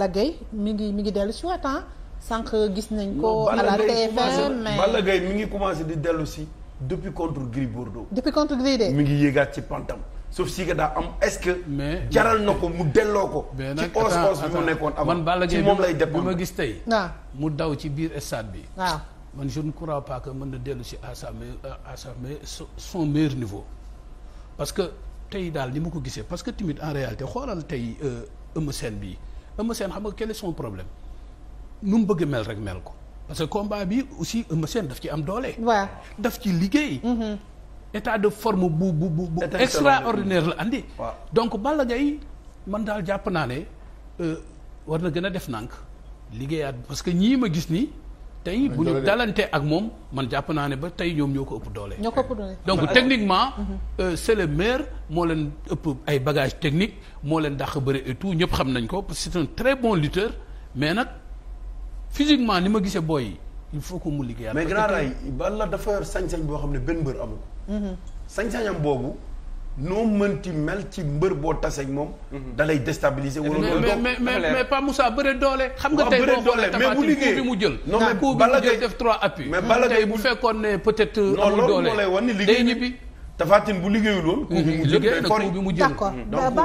Balla mi ngi mi ngi dellu si waat ah. sànq gis nañ ko. à la TFM mais Balla Gaye mi ngi commencé di dellu si depuis contre Gris Bordeaux. depuis contre Gris de. mi ngi yéegaat ci pantam. sauf si que daa am est-ce que. mais jaral na ko mu delloo ko. mais os os bi mu nekkoon avant man bala Gaye moom lay def bi ma gis tey. waaw mu daw ci biir stade bi. waaw man je ne crois pas que mën na dellu si à sa meilleur à sa meilleur son meilleur niveau. parce que tey daal li ma ko gisee parce que tamit en réalité xoolal tey euh, Eumeu Sène bii. Eumeu Sène xam nga quel est problème nu mu bëgg mel rek mel ko parce que combat bi aussi Eumeu Sène daf ci am doole. waa daf ci liggéey. Mm-hmm. état de forme bu bu bu bu. extraordinaire la andi. donc Balla Gaye man daal jàpp naa ne euh, war na gën a def nànk liggéeyaat parce ñii ma gis nii. tey bu ñu dalante ak moom man jàpp naa ne ba tey ñoom ñoo ko ëpp doole. ñoo ko ëpp doole donc techniquement. Mm-hmm. Euh, c'est le maire moo leen ëpp ay bagages technique moo leen dàq bëri et tout ñëpp xam nañ ko parce que c'est un très bon lutteur mais nag physiquement ni ma gisee booy yi il faut que mu liggéeyaat. mais Grand Rail Balla dafa yor sañ-sañ boo xam ne benn mbër amu ko. Mm-hmm. sañ-sañam boobu. noo mënti mel ci mbër boo taseeg moom. Mhm. da lay déstabiliser wala loolu. mais mais mais pas Moussa bëre doole. xam nga tey boo xoolee mais bu liggéey mu jël. non mais Balla Gaye def trois appuis. mais Balla Gaye bu fekkoon ne peut-être. amul doole day ñibbi. Tapha Tine bu liggéeyul woon. ku bi mu jël d'accord